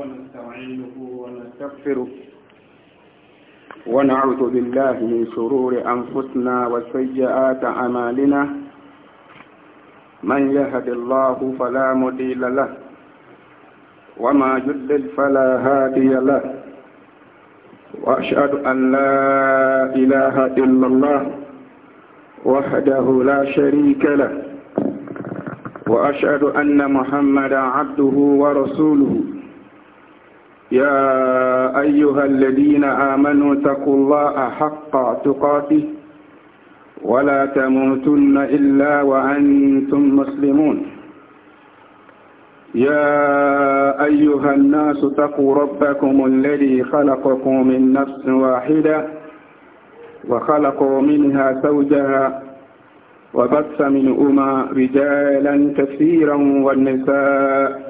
ونستعينه ونستغفره ونعوذ بالله من شرور أنفسنا وسيئات أعمالنا من يهد الله فلا مضل له وما يضلل فلا هادي له وأشهد أن لا إله إلا الله وحده لا شريك له وأشهد أن محمدا عبده ورسوله يا أيها الذين آمنوا اتقوا الله حق تقاته ولا تموتن إلا وأنتم مسلمون يا أيها الناس اتقوا ربكم الذي خلقكم من نفس واحدة وخلقوا منها زوجها وبث منهما رجالا كثيرا والنساء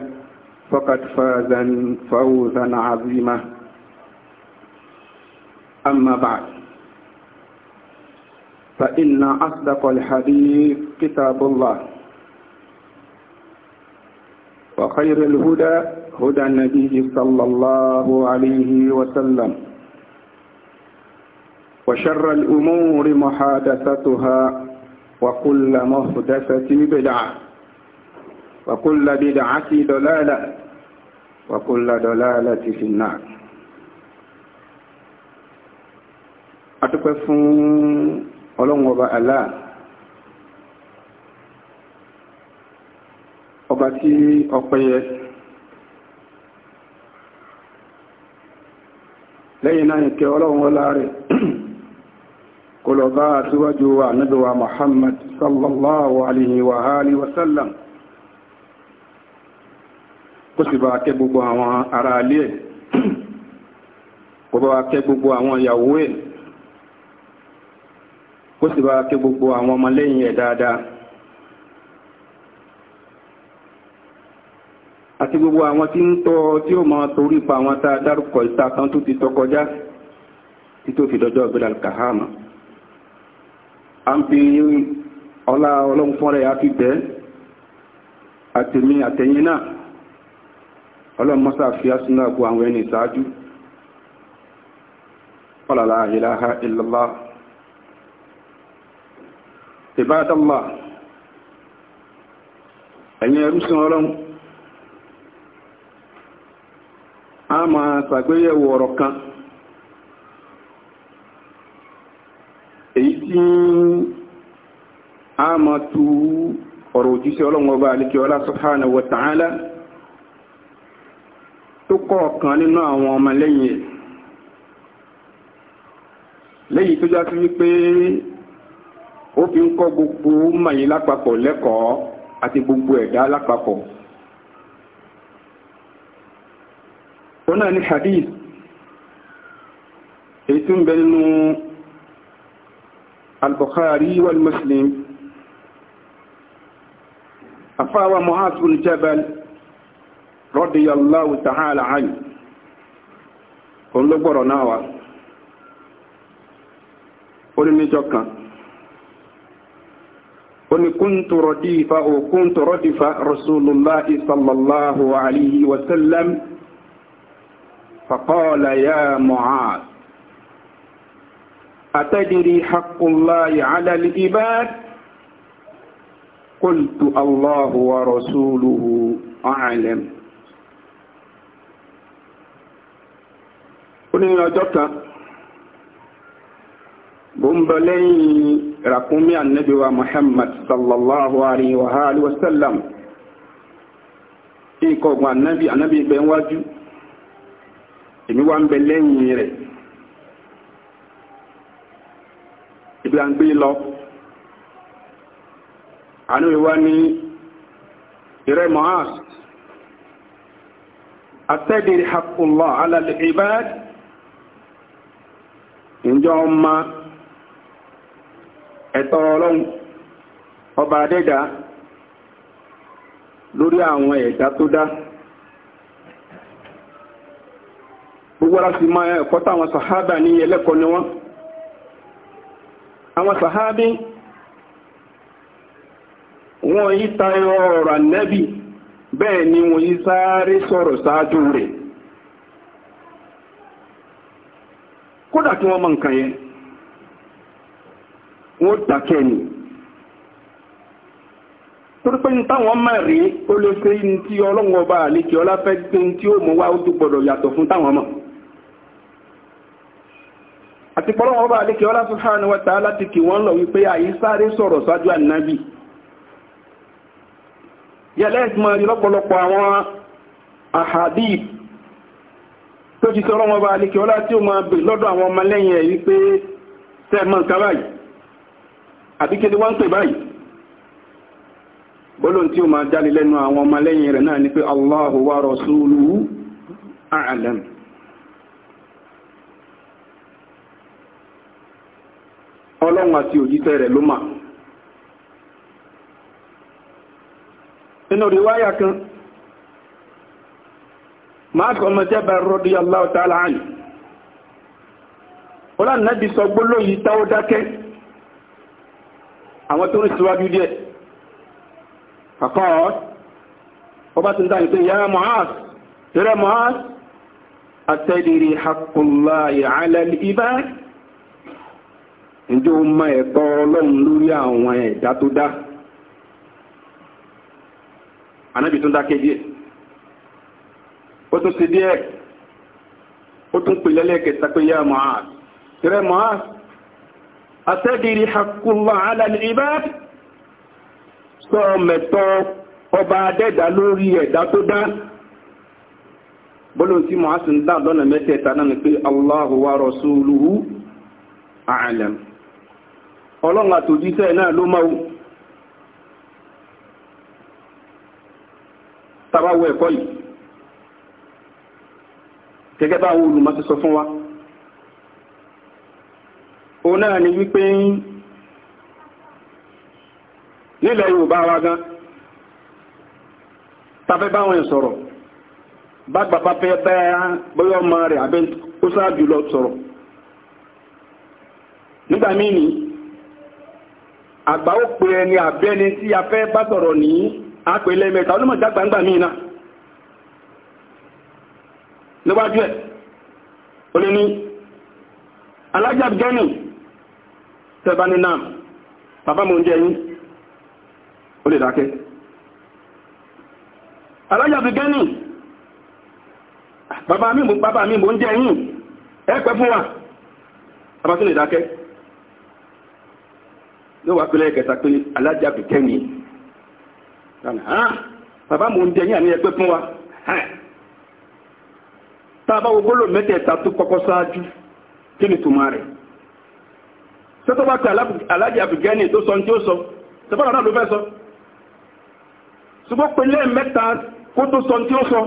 فقد فاز فوزا عظيما أما بعد فإن أصدق الحديث كتاب الله وخير الهدى هدى النبي صلى الله عليه وسلم وشر الأمور محادثتها وكل محدثة بدعة وكل بدعة ضلالة وكل ضلالة في النار adúpẹ́ fún ọlọ́run ọba Allah ọba tí ọpẹ́yẹ lẹ́yìn náà ìkẹ́ ọlọ́run ọlá rẹ̀ kò lọ bá àtíwájú wa nábì wa Muhammad sallallahu alaihi wa alihi wa sallam kó sì bá kẹ́ gbogbo àwọn ará alé ẹ̀ kó bá kẹ́ gbogbo àwọn ìyàwó ẹ̀ kó sì bá kẹ́ gbogbo àwọn ọmọlẹ́yìn ẹ̀ dáadáa àti gbogbo àwọn tí ń tọ́ tí ó máa torí pa àwọn tá a dárúkọ ìtàkan tó ti tọkọjá tí tó fi dọjọ́ ìgbéra kàhámà a ń fi ọlá ọlọ́run fọ́nrẹ̀ àti bẹ́ẹ̀ àtèmi àtẹ̀yìn náà ọlọ́mọ́sá fi ásínà kú àwọn ẹni ìsáájú ọlọ́lá ìlàhà ìlọ́lá ìbádọ́lá ẹ̀yìn ẹrúsìn ọlọ́run a máa ṣàgbéyẹ̀wò ọ̀rọ̀ kan èyí tí a máa tú ọ̀rọ̀ òjíṣẹ́ ọlọ́run ọba àlekẹ́ ọlá subhanahu wa ta'ala kọ̀ọ̀kan nínú àwọn ọmọlẹ́yìn ẹ̀ lẹ́yìn tó já sí wípé ó fi ń kọ́ gbogbo mọ̀yìn lápapọ̀ lẹ́kọ̀ọ́ àti gbogbo ẹ̀dá lápapọ̀ ó náà ní hadith èyí tó bẹ nínú al wal-Muslim afáwa Mu'adh Jabal radiyallahu ta'ala anhu òun ló gbọ́rọ̀ náà wá ó ní níjọ́ kan ó ní kúntù rọ̀dífà ó kúntù rọ̀dífà rasulullahi sallallahu alayhi wa sallam ya Mu'adh أتدري حق الله على العباد قلت الله ورسوله أعلم ní ọjọ́ kan bó ń bọ̀ lẹ́yìn ràkúnmí ànábì wa Muhammad sallallahu alaihi wa alihi wa sallam nǹkan ọ̀gbọ̀n ànábì ànábì ibẹ̀ ń wájú èmi wá ń bẹ lẹ́yìn rẹ̀ ibi à ń gbé lọ àánú ìwá ní ìrẹ́ Mu'az atẹ́dìrí haqqullah ala al ǹjọ́ ọmọ ẹ̀tọ́ ọlọ́run ọba adẹ́dà lórí àwọn ẹ̀dà tó dá gbogbo ara sì máa ẹ̀kọ́ táwọn sàhábà ní ẹlẹ́kọ́ ni wọ́n àwọn sàhábí wọ́n yí tayọ ọ̀rọ̀ ànẹ́bì bẹ́ẹ̀ ni wọ́n yí sáré sọ̀rọ̀ sáájú rẹ̀ kódà kí wọ́n mọ̀ nǹkan yẹn wọ́n dákẹ́ ni torí pé ní táwọn mọ̀ rí ó lè ṣe ní tí ọlọ́run ọba àlejò ọláfẹ́ gbé ní tí ó mọ̀ wá ó tó gbọ́dọ̀ yàtọ̀ fún táwọn mọ̀ àti pọ́lọ́wọ́ ọba àlékè ọlá subhanahu wa ta'ala ti kì wọ́n lọ wípé àyíṣáré sọ̀rọ̀ sájú ànábì yẹlẹ́sìmọ̀ lọ́pọ̀lọpọ̀ àwọn ahadith jí sọ́rọ̀ wọn bá alékẹ́ ọlá tí ó máa bè lọ́dọ̀ àwọn ọmọ lẹ́yìn ẹ̀ wípé tẹ́ẹ̀mọ́ báyìí àbí kéde wọ́n ń pè báyìí bọ́lọ̀ tí ó máa jáde lẹ́nu àwọn ọmọ lẹ́yìn rẹ̀ náà ni pé Allahu wa máàkì ọmọ jẹ́bà rọ́dí Allahu ọlá nàbí sọ gbóló yìí táwó dákẹ́ àwọn tó ń síwájú díẹ̀ kàkọ́ ọba tí ń dáyìí pé yá Mu'az rẹ̀ Mu'az atẹ́dìrí haqqullahi 'ala o ẹ̀tọ́ ọlọ́run lórí àwọn ẹ̀dá tó dá anábì tó dákẹ́ díẹ̀ ó tó ti díẹ̀ ó tún pè lẹ́lẹ́kẹta pé yá Mu'az rẹ̀ ala n'i ibad sọ mẹ́tọ́ ọba adẹ́dà lórí ẹ̀dá tó dá bọ́lọ̀ tí Mu'az ń dá lọ́nà mẹ́tẹ̀ẹ̀ta náà ni pé Allahu wa rasuluhu a'lam ọlọ́run àtòjíṣẹ́ náà ló máa tàbáwọ̀ ẹ̀kọ́ yìí gẹ́gẹ́ bá àwọn olùmọ̀ ti sọ fún wa òun náà ni wípé nílẹ̀ Yorùbá wa gan tafẹ́ báwọn ẹ̀ sọ̀rọ̀ bá gbàgbà fẹ́ bẹ́ẹ̀ bóyá ọmọ rẹ̀ abẹ́ ó sáájú lọ sọ̀rọ̀ nígbà míì ni àgbà ó pe ẹni àbẹ́ni tí a fẹ́ bá sọ̀rọ̀ ní àpẹẹlẹ́mẹ́ta olùmọ̀já gbangba lọ́wájú ẹ̀ o lè ní alájá gẹ́nì tẹ́bá ní náà bàbá mọ̀ oúnjẹ yìí o lè dákẹ́ alájá gẹ́nì bàbá mi mọ̀ bàbá mi mọ̀ oúnjẹ yìí ẹ́pẹ́ fún wa bàbá tún lè dákẹ́ ló wà pẹ́lẹ́ kẹta pé alájá gẹ́nì tàbá ogbólò mẹ́tẹ̀ẹ̀ta tó kọ́kọ́ sáájú kí ni túnmà rẹ̀ sẹ́tọ́bá tí alájì àbìgẹ́ni tó sọ tí ó sọ sẹ́fọ́nà náà ló fẹ́ sọ ṣùgbọ́n pẹ̀lẹ́ mẹ́ta kó tó sọ tí ó sọ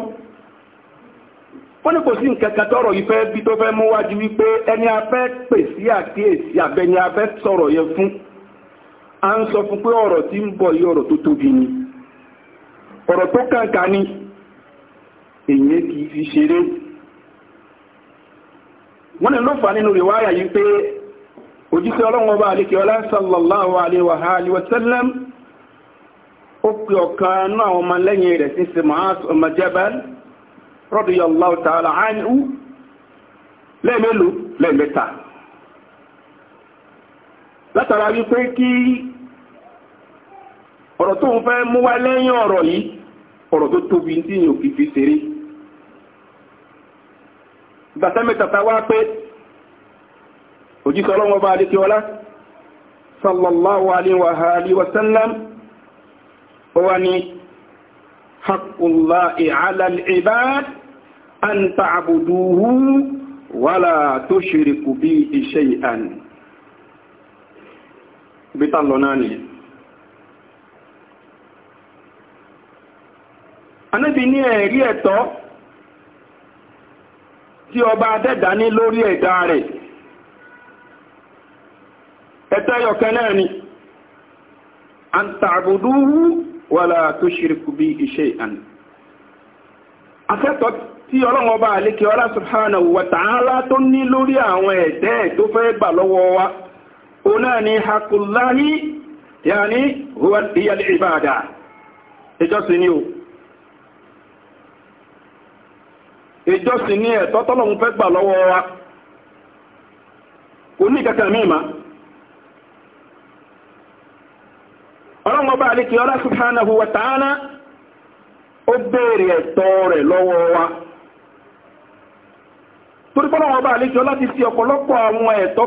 wọ́n ní kò sí nkẹ́kẹ́ tọ́rọ̀ ìfẹ́ bí tó fẹ́ mú wájú wípé ẹni afẹ́ pè sí àkíyèsí àbẹ́ni afẹ́ sọ̀rọ̀ yẹn fún a ń sọ fún pé ọ̀rọ̀ tí ń bọ̀ yí ọ̀rọ̀ tó tóbi ni ọ̀rọ̀ tó kàǹkà ni èyí kì í fi ṣeré wọ́n ni ló fà nínú rìwáyà yìí pé òjíṣẹ́ ọlọ́run ọba àdíkẹ́ ọlá sallallahu alaihi wa alihi wa sallam ó pè ọ̀kan náà àwọn ọmọ lẹ́yìn rẹ̀ sí sí Mu'az ọmọ Jabal radiyallahu bàtà mẹ́tàtà wá pé òjísọ́ ọlọ́wọ́ bá adé kí ọlá sallallahu alaihi wa alihi wa sallam ó wá ní haqqullahi ala al-ibad an ta'buduhu wala anábi ní ẹ̀rí ẹ̀tọ́ tí ọba adẹ́dà ní lórí ẹ̀dà rẹ̀ ẹ̀tẹ́yọ̀kẹ́ náà ni an ta'buduhu wala tushriku bihi shay'an afẹ́tọ̀ tí ọlọ́run ọba ọlá subhanahu wa ta'ala tó ní lórí àwọn ẹ̀dẹ́ tó fẹ́ gbà lọ́wọ́ wa O náà ni ìbáadà ìjọsìn ni o ìjọsìn ní ẹ̀tọ́ tọ́lọ́run fẹ́ gbà lọ́wọ́ wa kò ní kankan míì má ọlọ́run ọlá subhanahu wa ta'ala ó béèrè ẹ̀tọ́ rẹ̀ lọ́wọ́ wa ọlá ti ọ̀pọ̀lọpọ̀ àwọn ẹ̀tọ́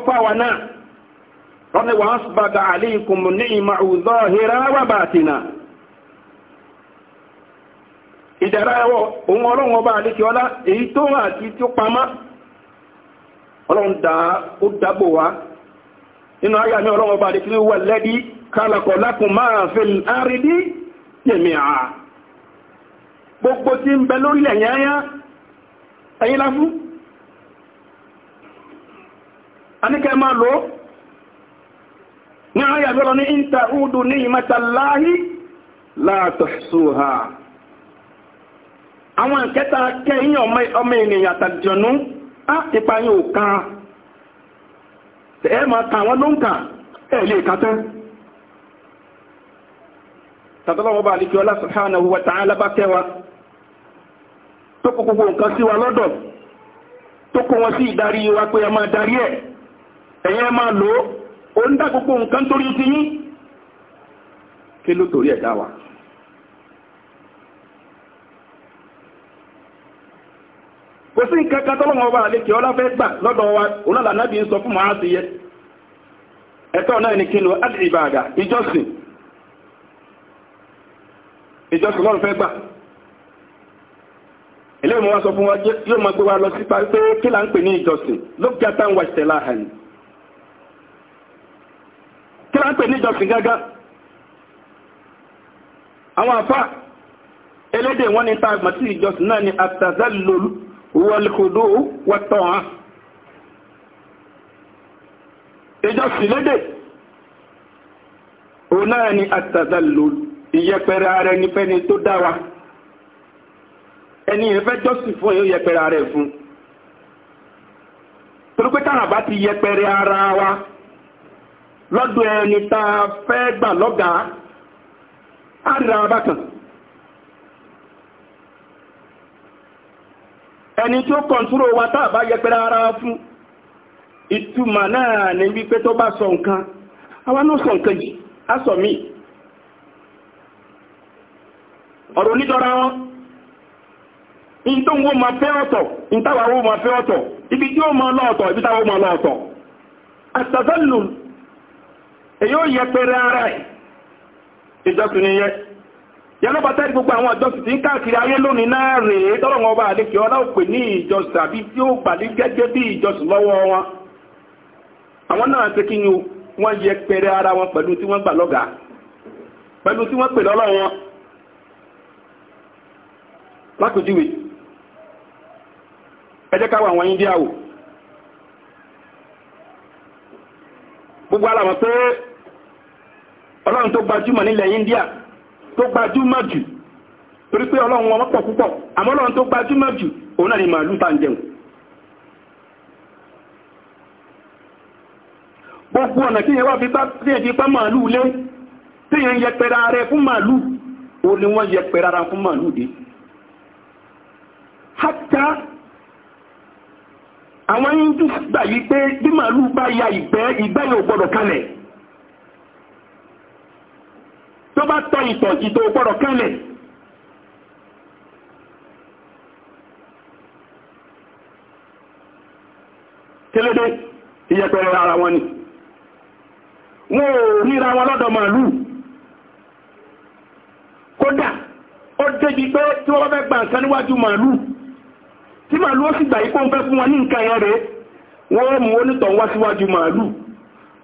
ìdára ẹwọ́ òun ọlọ́run ọba àlékí ọlá èyí tó hàn àti tí ó pamá ọlọ́run dá ó dábò nínú ayà ní ọba àlékí wà lẹ́dí kálàkọ̀ lákùn máa fi àrídí yẹ̀mí à gbogbo tí ń bẹ lórílẹ̀ yányá ẹ̀yìn láfú àwọn ìkẹta kẹ́ yín ọmọ ènìyàn àtàjọ̀nú á ipa yín ká ẹ ma ka àwọn ló ń kà ẹ lè ka tàbílọ́wọ́ bá àlìkí ọlá tó sí wa lọ́dọ̀ tó kò wọn sí ìdarí wa pé ẹ ma darí ẹ ẹ̀yẹ ma ń dá nǹkan torí wa sí nǹkan kan tọ́lọ́wọ́ ọba àlekè ọlá fẹ́ gbà lọ́dọ̀ wa olóòlà náà bí ń sọ fún màá sí yẹ ẹ̀tọ́ náà ní kí ló al ìbàdà ìjọsìn ìjọsìn lọ́rùn fẹ́ gbà ilé ìmọ̀ wá sọ fún wa wa lọ sípa pé kí là ń pè ní ìjọsìn ló bí ata ń wọlùkùdù wọ́tọ̀ wọn ìjọ sílédè o náà ni àtàzàlò ìyẹpẹrẹ ààrẹ nífẹ́ni tó dáwà ẹni ìfẹ́ jọ́sìn fún èyí yẹpẹrẹ ààrẹ fún torípẹ́tà àbá ti yẹpẹrẹ ara wa lọ́dọ̀ ẹni tá fẹ́ gbà lọ́gàá ẹni tí ó kọ̀ntúrò wa táà bá ara fún ìtumà náà ní wípé tó bá sọ nǹkan àwa náà sọ nǹkan yìí á sọ mí ọ̀rọ̀ onídọ́ra wọn in tó ń wó ma fẹ́ ọ̀tọ̀ in táwa wó ma fẹ́ ọ̀tọ̀ ibi tí ó ma lọ ọ̀tọ̀ ibi ó ma lọ ọ̀tọ̀ àtàzẹ́lù èyí ó ara ẹ̀ ni yálọ́bàtà gbogbo àwọn àjọsìn tí ń káàkiri ayé lónìí náà rèé tọ́rọ wọn ọba àlekè ọlá òpè ní ìjọsì àbí tí ó gbàlé gẹ́gẹ́ bí ìjọsì lọ́wọ́ wọn àwọn náà ṣe kí wọ́n yẹ pẹ̀rẹ̀ ara wọn pẹ̀lú tí wọ́n gbà lọ́gàá pẹ̀lú tí wọ́n pè lọ́lọ́ wọn lákòjúwe àwọn gbogbo ara wọn pé ọlọ́run tó gbajúmọ̀ India tó gbajúmọ̀ jù torí pé ọlọ́run wọn pọ̀ púpọ̀ àmọ́ ọlọ́run tó gbajúmọ̀ jù òun náà ni màálù tá ń jẹun gbogbo ọ̀nà tí yẹn wá fi bá màálù lé tí yẹn yẹpẹrẹ rẹ fún màálù ó ní wọ́n yẹpẹrẹ ara fún màálù dé hátá àwọn yíjú gbà yí pé bí màálù bá ya ìgbẹ́ ìgbẹ́ yóò gbọ́dọ̀ kalẹ̀ tó bá tọ́ ìtọ̀jì tó gbọ́dọ̀ kánlẹ̀ kílódé ìyẹpẹrẹ ara wọn ni wọn ò ríra wọn lọ́dọ̀ màálù kódà ó débi pé tí wọ́n fẹ́ gba nǹkan níwájú màálù tí màálù ó sì gbà yí pé ń fẹ́ fún wọn ní nǹkan ẹ̀rẹ́ wọ́n mú onítọ̀ wá síwájú màálù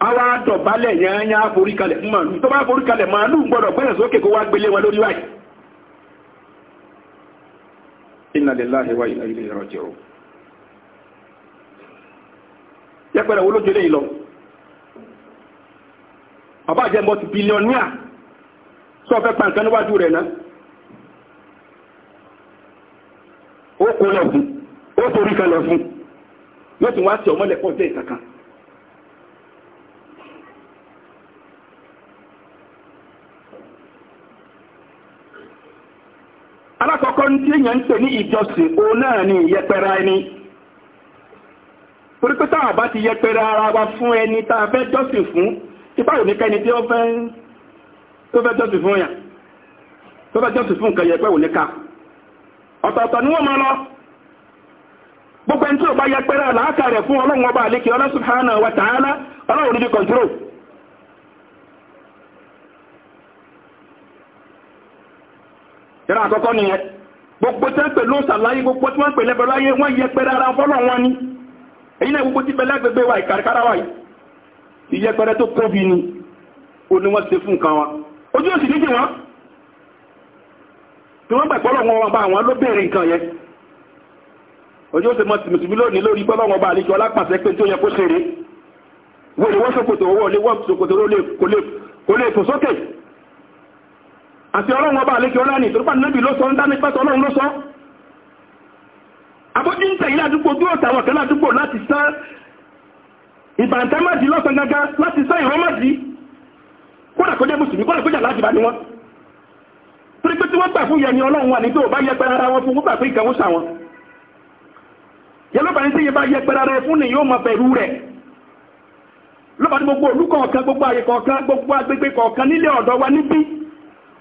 àwa dọ̀bálẹ̀ yányá foríkalẹ̀ fún màálù tó bá foríkalẹ̀ màálù gbọ́dọ̀ gbẹ́rẹ̀ sókè kó wá gbélé wọn lórí wáyìí inna lillahi wa inna ilayhi raji'un yẹ́pẹ̀rẹ̀ wo ló jẹ́ lẹ́yìn lọ ọba jẹ́ mọ́tí bílíọ̀nìyà sọ fẹ́ pa nǹkan níwájú rẹ̀ náà ó kó lẹ̀ fún ó torí kan lẹ̀ fún yóò tún wá sí ọmọlẹ̀kọ́ jẹ́ ìtàkàn alákọ̀ọ́kọ́ tí èyàn ń pè ní ìjọsìn o náà ni ìyẹpẹra ẹni pírípítà àbá ti yẹpẹra ara wa fún ẹni tá a fẹ́ jọ́sìn fún tí báyìí ní kẹni tí ó fẹ́ jọ́sìn fún ẹ̀yà tó fẹ́ fún yẹpẹ́ ọ̀tọ̀ọ̀tọ̀ ni wọ́n lọ gbogbo tẹ́rà àkọ́kọ́ nìyẹn gbogbo tí wọ́n pè ló sàláyé gbogbo tí wọ́n pè lẹ́bẹ̀ láyé wọ́n yẹ pẹ̀rẹ̀ ara fọ́lọ̀ wọn ni èyí náà gbogbo ti bẹ̀lẹ́ gbogbo wa ìkàrìkàrà wa yìí yẹpẹrẹ tó tóbi ni ó ní wọ́n ṣe fún nǹkan wa ojú òsì níjì wọn tí wọ́n gbàgbọ́lọ̀ wọn wọn bá àwọn wọn àti ọlọ́run ọba àlékẹ́ ọlá ní ìtòrúpà níbi ló sọ ń dá nípasẹ̀ ọlọ́run ló sọ abójú ń tẹ̀yìn àdúgbò dúró tàwọn kan ládúgbò láti sá ìbàntámàdì lọ́sàn gangan láti sá ìrọ́màdì kódà kó jẹ́ mùsùlùmí kódà kó jà láti bá ní wọn torí pé tí wọ́n gbà fún yẹni ọlọ́run wà ní tó bá yẹpẹ ara wọn fún gbà pé ìkàwó wọn yẹlọ́bàá ní tí yẹba yẹpẹ ara rẹ fún ni yóò mọ bẹ̀rù rẹ̀ lọ́bàá ní gbogbo olú kọ̀ọ̀kan gbogbo àyè gbogbo agbègbè kọ̀ọ̀kan nílé ọ̀dọ́ wa níbí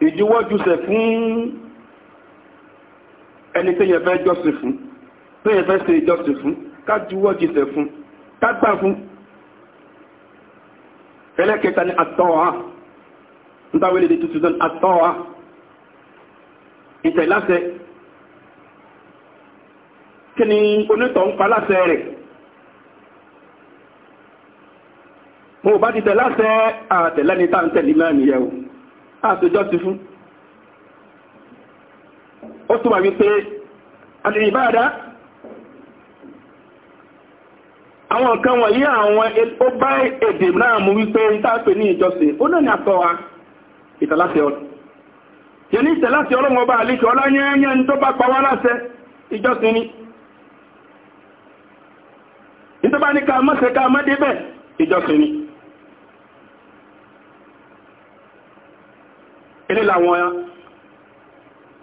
ìdíwọ́júsẹ̀ fún ẹni tí yẹn fẹ́ jọ́sìn fún tí yẹn fẹ́ ṣe ìjọ́sìn fún ká juwọ́júsẹ̀ fún ká gbà fún ẹlẹ́kẹta ni àtọ́wà ntàwẹ́lẹ̀ di tuntun náà àtọ́wà ìtẹ̀láṣẹ kí ni onítọ̀ ń paláṣẹ rẹ̀ mo bá ti tẹ̀láṣẹ àtẹ̀lẹ́ni tá ń tẹ̀lé náà nìyẹn o àtòjọ́ ti fún ó túnmà wípé al-ibada àwọn nǹkan wọ̀nyí àwọn ó bá èdè náà mú wípé ìtàpè ní ìjọsìn ó náà ní àtọ́ wa ìtàláṣẹ ọdún yẹni ìtàláṣẹ ọlọ́wọ́ bá àlíkẹ́ ọlá tó bá pa wá ní ká mọ́sẹ̀ ká mọ́débẹ̀ ìjọsìn ni ilé làwọn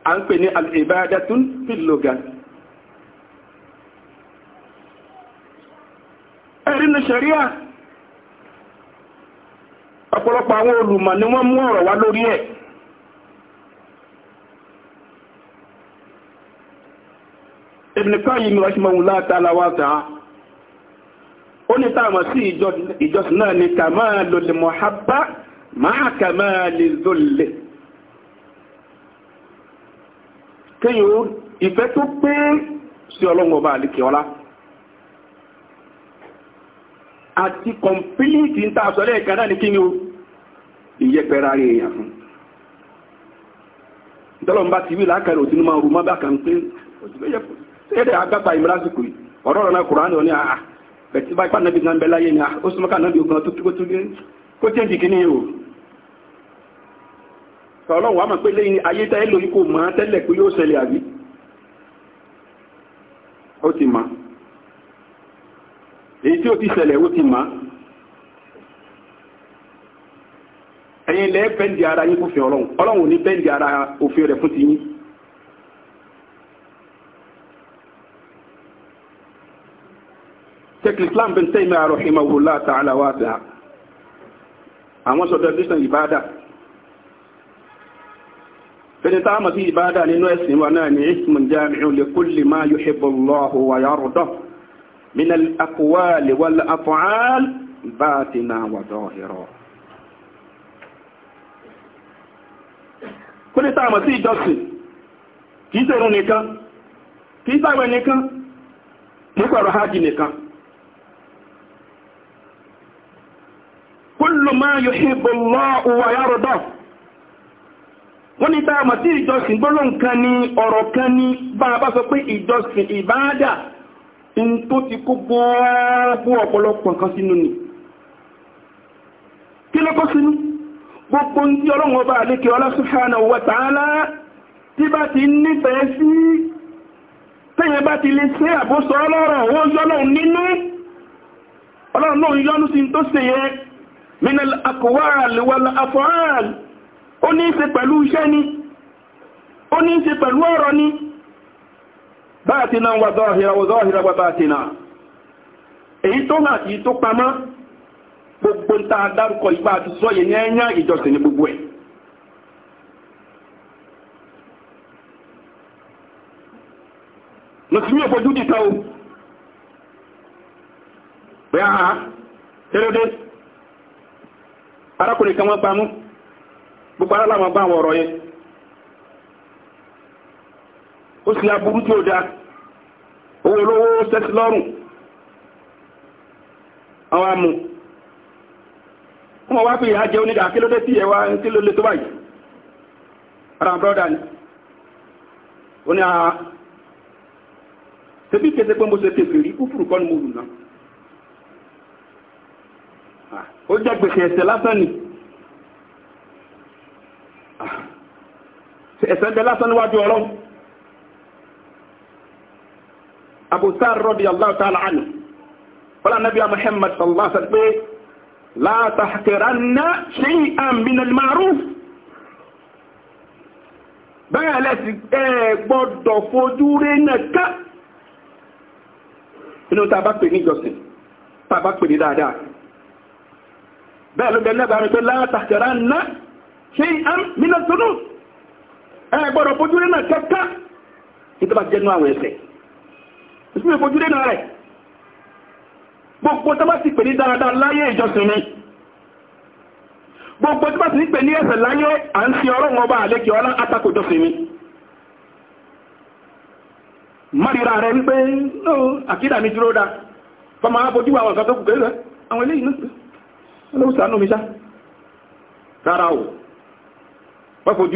a ń pè ní al-ibadatun fil-lugha ẹ̀rí ní ṣẹ̀ríà ọ̀pọ̀lọpọ̀ àwọn olùmọ̀ ni wọ́n mú ọ̀rọ̀ wá lórí ẹ̀ Ibn Qayyim rahimahullah ta'ala wa ta'ala ó ní táàmà sí ìjọsìn náà ni kàmáà lòlè mọ̀hábá máa kàmáà lè zòlè kéyìn ó ìfẹ́ tó pé sí ọlọ́run ọba àlekè ọlá àti kọ̀mpílìtì ń ta àsọ̀lẹ̀ ẹ̀ka ní kí ni ó ìyẹ́pẹ̀rẹ̀ ara èèyàn fún ìtọ́lọ́run bá ti wí láàkàrẹ̀ òsínú máa rú má bá pé ẹ̀rẹ̀ agbápa ìmúrásìkò yìí ọ̀rọ̀ ọ̀rọ̀ kọlọ́n a mọ̀ pé lẹ́yìn ayé tẹ́ lò ní kò mọ̀ tẹ́lẹ̀ pé yóò ṣẹlẹ̀ àbí ó ti mọ̀ èyí ti ṣẹlẹ̀ ó ti ma ẹ̀yin lẹ́ bẹ́ndì ara yín fún fi ọlọ́run ọlọ́run ní bẹ́ndì ara òfin rẹ̀ fún ti yín sheikh islam bin taymiyyah ẹni tá a mọ̀ sí ìbáadà nínú ẹ̀sìn wa náà ni ismun jami'un li kulli ma yuhibbu Allahu wa yarda min al-aqwali wal af'al batina wa zahira kó ní tá a mọ̀ sí ìjọsìn kìí ṣèrun nìkan kìí ṣàwẹ̀ nìkan nípàrọ̀ hajj nìkan kullu ma yuhibbu Allahu wa yarda wọ́n ní táàmà tí ìjọsìn gbólóhùn kan ní ọ̀rọ̀ kan ní bá a bá sọ pé ìjọsìn ìbáádà in tó ti kó gbogbo ọ̀pọ̀lọpọ̀ nǹkan sínú ni kí ló kó sínú gbogbo ń tí ọlọ́run ọba àlékè ọlá subhanahu wa ta'ala tí bá ti ó ní pelu ṣe pẹ̀lú iṣẹ́ ni ó ní í ṣe pẹ̀lú ọ̀rọ̀ ni báàtínà wà wà zọ́ọ̀hìrà wà gbogbo òfojú o bẹ́ẹ̀ ha arákùnrin kan wọ́n gbogbo ara láwọn bá àwọn ọ̀rọ̀ yẹn ó sì aburú tí ó dá owó olówó sẹ́sí lọ́rùn àwọn amù wọ́n wá fi ìyá jẹ onídà kí ló dé tí ẹwà kí ló lè tó báyìí ara brọ́dà ni ó ní àà tẹ́bí kése pé mo ṣe kéfèé rí kúfùrù kọ́ ni mo lù náà ah, ó jẹ́ gbèsè ẹ̀sẹ̀ lásán ni ẹ̀sẹ̀ bẹ lásán níwájú ọlọ́run Abu Sarr radiyallahu ta'ala anhu wọ́n nàbí Muhammad sallallahu alaihi wasallam la tahqiranna shay'an min al-ma'ruf bẹ́ẹ̀ lẹ́sì gbọ́dọ̀ fojú rí nẹ̀ká inú ta bá pè ní ìjọsìn ta bá pè ní dáadáa bẹ́ẹ̀ ló bẹ́ẹ̀ lẹ́bàá rí pé la tahqiranna shay'an min al-dhunub ẹ gbọ́dọ̀ fojúrí náà kẹta ìtọ́bà jẹ́nu àwọn ẹ̀sẹ̀ ìsúnmọ̀ fojúrí náà rẹ̀ gbogbo tó ti pè ní dáadáa láyé ìjọsìn ni gbogbo tó ti pè ní ẹ̀ṣẹ̀ láyé à ń fi ọ̀rọ̀ wọn bá ọlá ni rẹ̀ àkídà mi dúró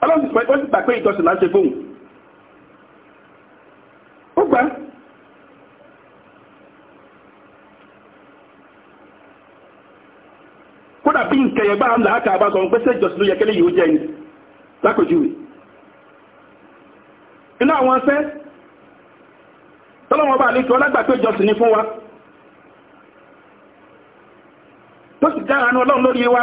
ọlọ́run pẹ̀lú ti gbà pé ìjọsìn láti ṣe fóun ó gbà kódà bí nkẹyẹ bá ń làákà bá sọ pé sẹ́jọsìn ló yẹ kẹ́lẹ́ yìí ó jẹ́ ẹni lákòjúwe inú àwọn ṣẹ́ tọ́lọ́wọ́n bá àlejò ọlágbà pé ìjọsìn ni fún wa tó sì dára ní ọlọ́run lórí wa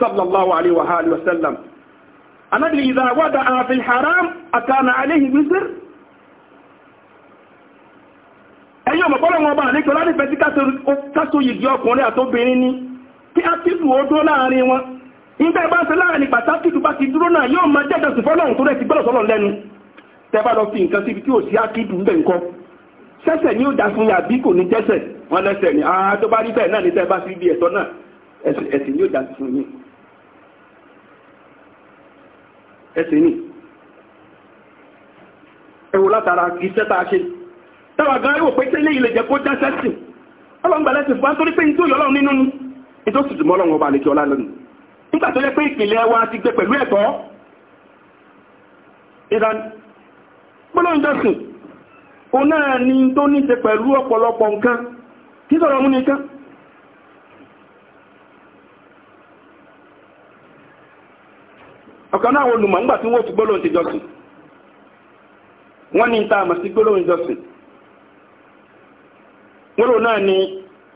sallallahu alaihi wa alihi wa sallam anabi idha wada'a fil haram atana alaihi wizr ẹ̀yin ọmọ bọ́lọ̀ wọn bá àlékọ́ láti fẹ́ sí kásò yìí ọkùnrin àtobìnrin ni kí a ti dùn ó dúró láàrin wọn nígbà ìbá ṣe láàrin pàtàkì tó bá ti dúró náà yóò máa jẹ́jọ sí fọ́lọ́run tó rẹ̀ ti gbọ́dọ̀ sọ́lọ̀ lẹ́nu tẹ́bá lọ fi nǹkan síbi tí ò sí ákídùn bẹ̀ nǹkan sẹ́sẹ̀ ni ó dá fún yà bí kò ní jẹ́sẹ̀ wọn lẹ́sẹ̀ ni àá ah, bẹ́ẹ̀ náà ní tẹ́bá sí ibi ẹ̀tọ́ náà ẹ̀sìn ni ó dá fún yìí ẹsẹ̀ ní ẹwò látara iṣẹ́ tàà ṣe tàwà gan ẹwò pé tẹ́lẹ̀ ilẹ̀ jẹ́ kó jẹ́sẹ̀ sí ọlọ́gbàlẹ̀ ti fún torí pé ní tó yọ ọlọ́run nínú ni ní tó sùdùmọ́ ọlọ́run ọba àlejò ọlá lónìí nígbà tó yẹ pé ìpìlẹ̀ wa ti gbé pẹ̀lú ẹ̀tọ́ ìran gbọ́lọ́run jọ́sìn òun náà ni tó ní ṣe pẹ̀lú ọ̀pọ̀lọpọ̀ nǹkan kí sọ̀rọ̀ mú nìkan ọ̀kan náà àwọn olùmọ̀ nígbà wọ́n ti gbólóhùn ti jọ́sìn wọ́n ní ta sí jọ́sìn wọ́n ni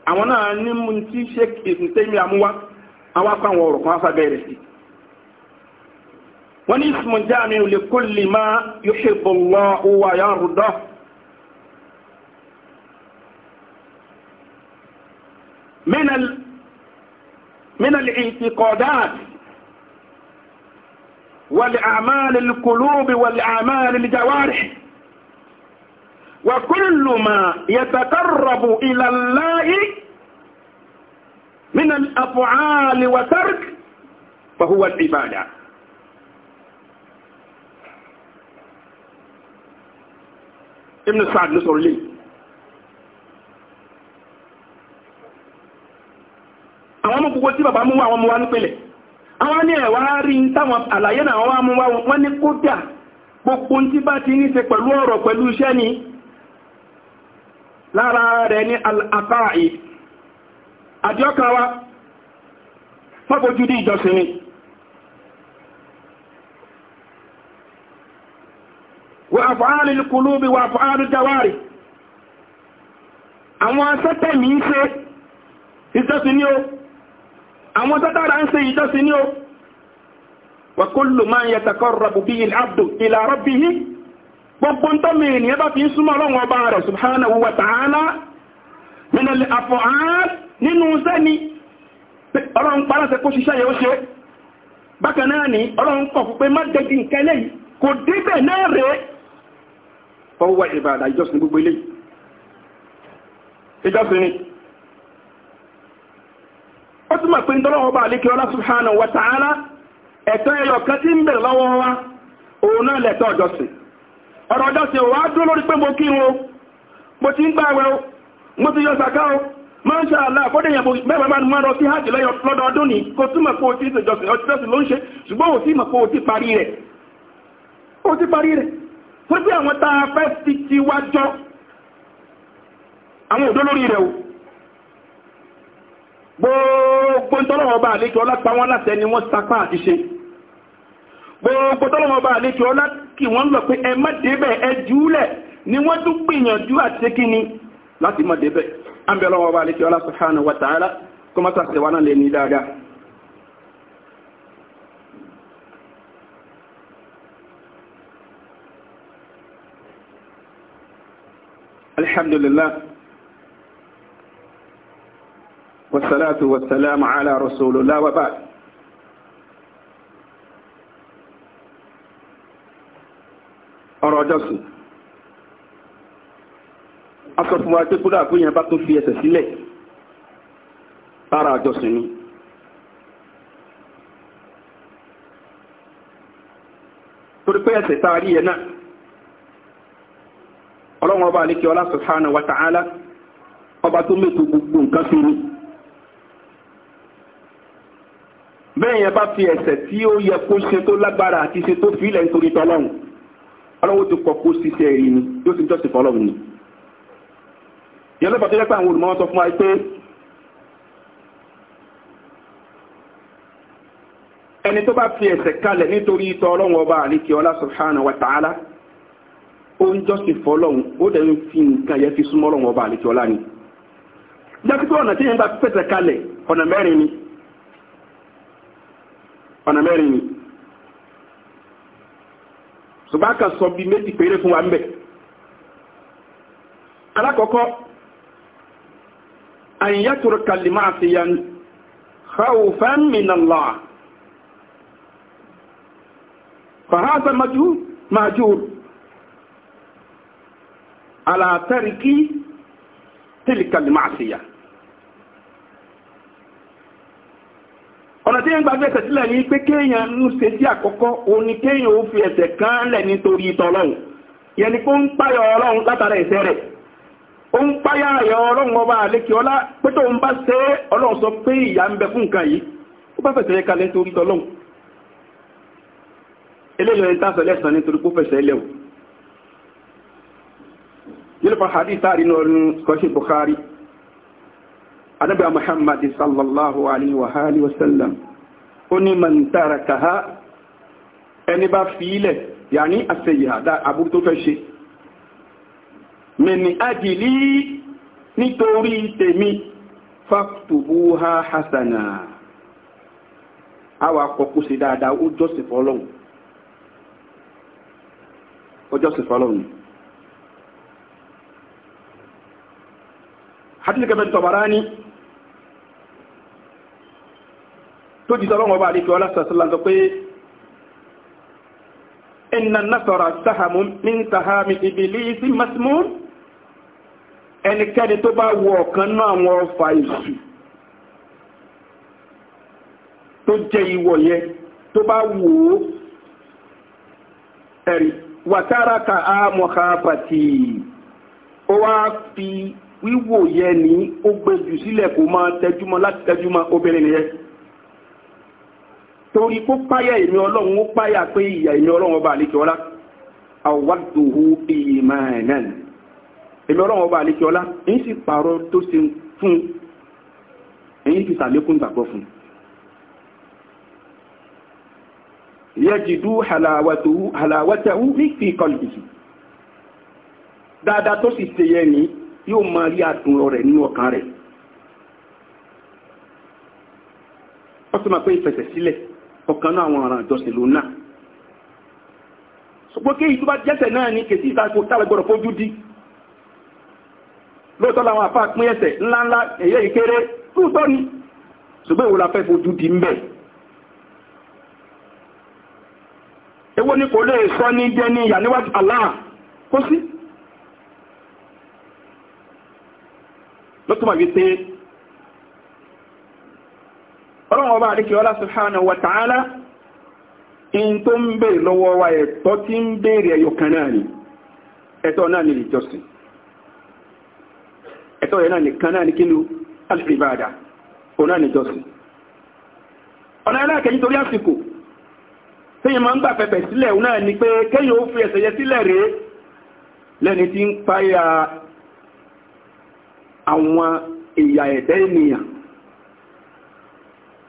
àwọn náà ní mú tí ṣe ìsìntẹ́mi àmúwá àwọn akọ ọ̀rọ̀ kan afá sí wọ́n ní ma yuhibbu Allahu wa yarda والأعمال القلوب والأعمال الجوارح وكل ما يتقرب إلى الله من الأفعال وترك فهو العبادة ابن سعد نصر لي àwọn ọmọ gbogbo tí bàbá àwọn ní ẹ̀wà rí táwọn àlàyé náà wá mú wọ́n ní kódà gbogbo tí bá ti ní ṣe pẹ̀lú ọ̀rọ̀ pẹ̀lú iṣẹ́ ni lára rẹ̀ ní àfáàì àjọ́kawa fọ́bójú ìjọsìn ni wà fàálì kùlúbi wà fàálì jawari àwọn asẹ́tẹ̀mí ń ṣe ìjọsìn ni ó àwọn tátàrà ń ṣe ìjọsìn ní o wa kullu ma yataqarrabu bihi al-'abdu ila rabbihi gbogbo ń tọ́mì ènìyàn bá fi ń súnmọ́ ọlọ́run ọba rẹ̀ subhanahu wa ta'ala min al-af'al ìjọsìn ni sí mọ̀ pé bá alékẹ́ ọlá subhanahu wa ta'ala ẹ̀tọ́ ẹyọ kan tí ń bẹ̀rẹ̀ lọ́wọ́ òun náà lẹ̀tọ́ ọjọ́sìn ọ̀rọ̀ ọjọ́sìn wà dúró lórí pé mo kí n o mo ti ń gbààwẹ̀ o mo ti yọ sàká o máa ń ṣe àlá àkọ́dẹ̀yàn mẹ́bàá máa lọ sí hajj lọ́dọọdún ní kò túmọ̀ ṣe ṣùgbọ́n ò gbogbo tọ́lọ́wọ́ bá àlékí ọlá pa wọ́n láti ẹni wọ́n sapá àti ṣe gbogbo tọ́lọ́wọ́ bá àlékí ọlá kí wọ́n lọ pé ẹ má débẹ̀ ẹ jùúlẹ̀ ni wọ́n tún gbìyànjú àti kíni láti má débẹ̀ àbẹ̀lọ́wọ́ bá àlékí ọlá subhanahu wa ta'ala kó má sàṣẹ̀wá náà lè alhamdulillah والصلاة والسلام على رسول الله وبعد ọ̀rọ̀ ọjọ́sùn aṣọ fún wa tó kúrò àkúyàn bá tún fi ẹsẹ̀ sílẹ̀ lára ọjọ́sùn ni torí pé ẹsẹ̀ tààrí ẹ̀ náà ọlọ́run ọba àlékẹ́ ọlá subhanahu wa ọba tó mẹ́tò gbogbo nǹkan sí ni bẹ́ẹ̀ yẹn bá fi ẹ̀ṣẹ̀ tí ó yẹ kó ṣe tó lágbára àti ṣe tó fi ilẹ̀ nítorí tọ́lọ́run ọlọ́wọ́ ti kọ̀ kó ṣiṣẹ́ rí ni yóò ti jọ́sìn fọlọ́run ni ìyẹn lọ́pàá tó yẹ pé àwọn olùmọ̀ sọ fún wa pé ẹni tó bá fi ẹ̀ṣẹ̀ kalẹ̀ nítorí ìtọ́ ọlọ́run ọba àríkẹ́ ọlá subhanahu wa ta'ala ó ń jọ́sìn fọ́lọ́run ó dẹ̀ ń fi nǹkan yẹn fi súnmọ́ ọlọ́run ọba àríkẹ́ ọlá ni jákítọ́ ọ̀nà tí yẹn bá pẹ̀sẹ̀ kalẹ̀ ọ̀nà mẹ́rin ni ọ̀nà mẹ́rin ni ṣùgbọ́n a kà sọ bí méjì péré fún wa ń bẹ̀ alákọ̀ọ́kọ́ àyíyàtòrò kalima àfihàn khawfan min Allah fàhásà májúr alátàríkí tìlìkàlì máa ṣe yà ọ̀nà tí ń gbàgbé ẹsẹ̀ sílẹ̀ ní pé kéèyàn ń ṣe sí àkọ́kọ́ òun ni kéèyàn ó fi ẹsẹ̀ kan lẹ̀ nítorí ìtọ́ ọlọ́run yẹni kó ń páyọ ọlọ́run látara ẹ̀ṣẹ̀ rẹ̀ ó ń páyà ayọ̀ ọlọ́run ọba àlékè ọlá pé tó ń bá ṣe ọlọ́run sọ pé ìyà ń bẹ fún nǹkan yìí ó bá fẹ̀sẹ̀ yẹ kalẹ̀ nítorí ìtọ́ ọlọ́run eléyìí ẹni tásọ lẹ́sàn nítorí pó fẹ̀sẹ̀ lẹ́wọ̀ nílùú anábà muhammad sallallahu alaihi wa alihi wasallam ó ní man tarakaha ẹni bá fi ilẹ̀ yà ní àṣẹyìhàdá àbúrú tó fẹ́ ṣe mẹ́ni ajìlí nítorí tèmi faktubuha hasana àwa kọkú sí dáadáa ó jọ́sìn fọ́lọ́hun hadith kẹfẹ́ tọ̀bára tó jìtọ́ lọ́wọ́ bá àríkẹ́ ọlásàtàlá sọ pé iná násọ̀rọ̀ sáhàmù ní sàhàmì ìbìlísì masmún ẹnikẹ́ni tó bá wọ ọ̀kan náà wọn ọfà ìsù tó jẹ ìwọ̀ yẹ tó bá wò ó ẹ̀rì wàtára ka á mọ̀ká pàtì ó wá fi wíwò yẹ ní ó gbẹjù sílẹ̀ kó máa tẹjúmọ́ láti tẹjúmọ́ obìnrin yẹn torí kó páyà èmi ọlọ́run ó páyà pé ìyà èmi ọlọ́run ọba àlékè ọlá àwàdùhù ìmọ̀ẹ̀nàn èmi ọlọ́run ọba àlékè ọlá èyí sì pààrọ̀ tó ṣe fún èyí sì sàlékún ìgbàgbọ́ fún yẹjìdú halawatahu ní fi qalbihi dáadáa tó sì ṣe yẹ ní yóò máa rí àdùn rẹ̀ nínú ọkàn rẹ̀ ó máa pé ìfẹsẹ̀ sílẹ̀ ọ̀kan náà àwọn àràn ìjọsìn ló náà ṣùgbọ́n kí ìlú bá jẹ́sẹ̀ náà ní kèsí ìtàkù tàbẹ̀gbọ̀rọ̀ fojú di lóòtọ́ làwọn àfáà pín ẹsẹ̀ ńláńlá èyẹ ìkéré lóòtọ́ ni ṣùgbọ́n ìwò la fẹ́ fojú di ń bẹ̀ èwo ni kò lè sọ ní jẹ́ ní ìyà níwájú Allah kó sí lọ́tùmọ̀ wípé ọlọ́run ọba àríkẹ́ ọlá subhanahu wa ta'ala in tó ń bèèrè lọ́wọ́ wa ẹ̀tọ́ tí ń bèèrè ẹyọkan náà ni ẹ̀tọ́ náà ni ìjọsìn ẹ̀tọ́ yẹn náà nìkan náà ni kí ló alìbàdà ọ̀nà ìjọsìn ọ̀nà aláàkẹ́yí torí àsìkò tí yẹn máa ń gbà pẹ̀pẹ̀ sílẹ̀ náà ni pé kéyìn ó fi ẹ̀sẹ̀ yẹ sílẹ̀ rèé lẹ́ni tí ń páyà àwọn ìyà ẹ̀dẹ́ ènìyàn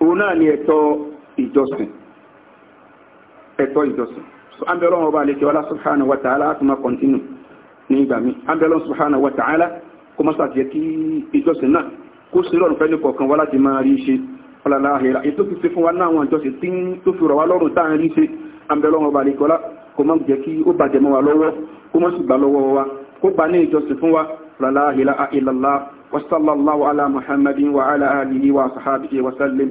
òun náà ni ẹ̀tọ́ ìjọsìn ẹ̀tọ́ ìjọsìn so ambelon ọba àlejò ọlá subhanahu wa ta'ala tó máa kọ́ntínú ní ìgbà mi ambelon subhanahu wa ta'ala kó máa ṣàtìyẹ kí ìjọsìn náà kó sí lọ́rùn fẹ́lẹ́ kọ̀ọ̀kan wá láti máa rí ṣe ọlọ́lá ètò fi fi fún wa náà àwọn ìjọsìn tí tó fi rọ̀ wá lọ́rùn tá ń rí ṣe ambelon ọba àlejò ọlá kó máa jẹ́ kí ó bàjẹ́ mọ́ wa lọ́wọ́ kó máa sì gbà lọ́wọ́ wa kó gbà ní ìjọsìn fún wa ọlọ́lá àhẹ́rà illallah ala muhammadin wa ala alihi wa sahabihi wa sallim